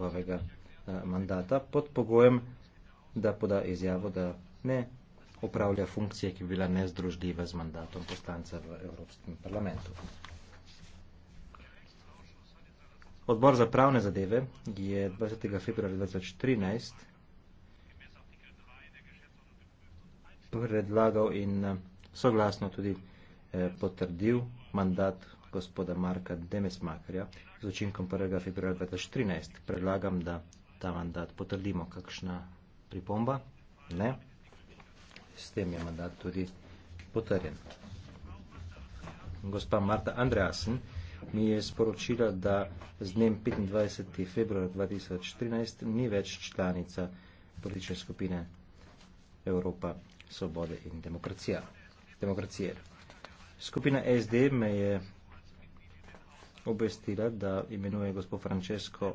njegovega eh, mandata pod pogojem, da poda izjavo, da ne upravlja funkcije, ki bi bila nezdružljiva z mandatom poslanca v Evropskem parlamentu. Odbor za pravne zadeve je 20. februarja 2013 predlagal in eh, soglasno tudi eh, potrdil mandat gospoda Marka Demesmakarja z učinkom 1. februarja 2013. Predlagam, da ta mandat potrdimo. Kakšna pripomba? Ne. S tem je mandat tudi potrjen. Gospa Marta Andreasen mi je sporočila, da z dnem 25. februar 2014 ni več članica politične skupine Evropa svobode in demokracije. Skupina SD me je obvestila, da imenuje gospod Francesco